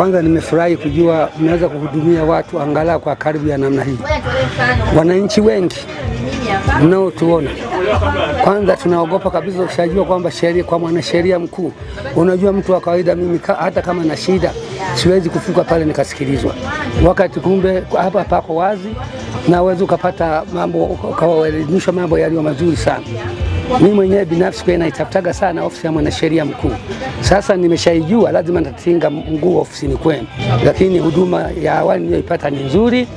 Kwanza nimefurahi kujua mnaweza kuhudumia watu angalau kwa karibu ya namna hii. Wananchi wengi mnaotuona, kwanza tunaogopa kabisa. ushajua kwamba sheria, kwa mwanasheria mkuu, unajua mtu wa kawaida, mimi hata kama na shida siwezi kufika pale nikasikilizwa, wakati kumbe hapa pako wazi na uwezi ukapata mambo ukawaelimishwa mambo yaliyo mazuri sana. Mimi mwenyewe binafsi kwa inaitafutaga sana ofisi ya mwanasheria mkuu sasa nimeshaijua lazima natinga mguu ofisini kwenu, lakini huduma ya awali niliyoipata ni nzuri,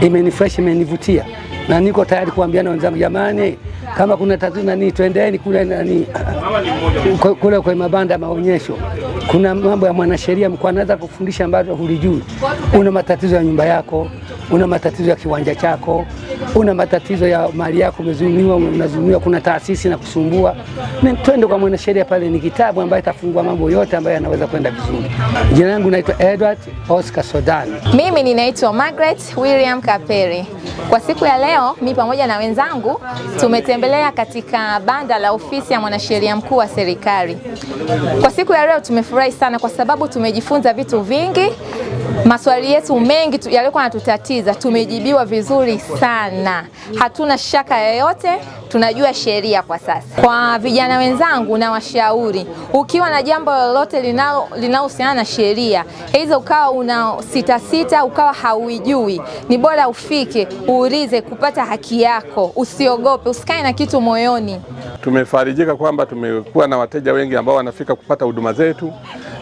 imenifresh, imenivutia na niko tayari kuambia na wenzangu, jamani, kama kuna tatizo nani, twendeni kule nani, kule kwa mabanda ya maonyesho. Kuna mambo ya mwanasheria mkuu anaweza kufundisha ambayo hulijui. Una matatizo ya nyumba yako, una matatizo ya kiwanja chako, una matatizo ya mali yako, umezumiwa, unazumiwa, kuna taasisi na kusumbua, twende kwa mwanasheria pale. Ni kitabu ambaye itafungua mambo yote ambayo yanaweza kwenda vizuri. Jina langu naitwa Edward Oscar Sodan. Mimi ninaitwa Margaret William Kaperi. Kwa siku ya leo, mi pamoja na wenzangu tumetembelea katika banda la ofisi ya mwanasheria mkuu wa serikali. Kwa siku ya leo tumefurahi sana kwa sababu tumejifunza vitu vingi maswali yetu mengi tu, yaliyokuwa yanatutatiza tumejibiwa vizuri sana, hatuna shaka yoyote, tunajua sheria kwa sasa. Kwa vijana wenzangu na washauri, ukiwa na jambo lolote linalohusiana na sheria, aidha ukawa una sita sita, ukawa hauijui, ni bora ufike uulize kupata haki yako. Usiogope, usikae na kitu moyoni. Tumefarijika kwamba tumekuwa na wateja wengi ambao wanafika kupata huduma zetu,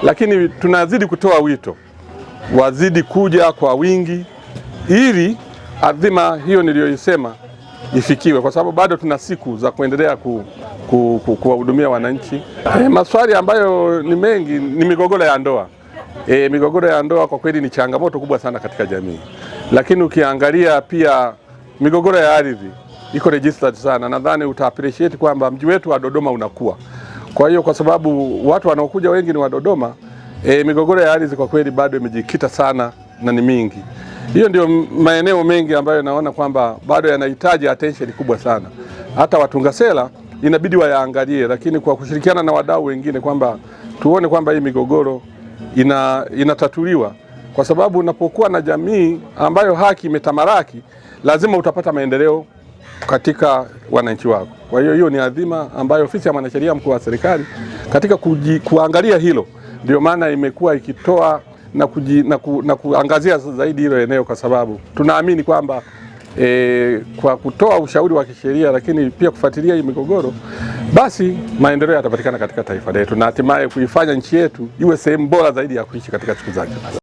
lakini tunazidi kutoa wito wazidi kuja kwa wingi ili adhima hiyo niliyoisema ifikiwe, kwa sababu bado tuna siku za kuendelea ku, ku, ku, kuwahudumia wananchi. E, maswali ambayo ni mengi ni migogoro ya ndoa. E, migogoro ya ndoa kwa kweli ni changamoto kubwa sana katika jamii, lakini ukiangalia pia migogoro ya ardhi iko registered sana. Nadhani uta appreciate kwamba mji wetu wa Dodoma unakuwa. Kwa hiyo kwa sababu watu wanaokuja wengi ni wa Dodoma E, migogoro ya ardhi kwa kweli bado imejikita sana na ni mingi. Hiyo ndio maeneo mengi ambayo naona kwamba bado yanahitaji attention kubwa sana, hata watunga sera inabidi wayaangalie, lakini kwa kushirikiana na wadau wengine kwamba tuone kwamba hii migogoro ina, inatatuliwa kwa sababu unapokuwa na jamii ambayo haki imetamaraki lazima utapata maendeleo katika wananchi wako. Kwa hiyo hiyo ni adhima ambayo ofisi ya mwanasheria mkuu wa serikali katika kuji, kuangalia hilo ndio maana imekuwa ikitoa na, kuji, na, ku, na kuangazia zaidi hilo eneo kwa sababu tunaamini kwamba e, kwa kutoa ushauri wa kisheria lakini pia kufuatilia hii migogoro, basi maendeleo yatapatikana katika taifa letu na hatimaye kuifanya nchi yetu iwe sehemu bora zaidi ya kuishi katika siku zake.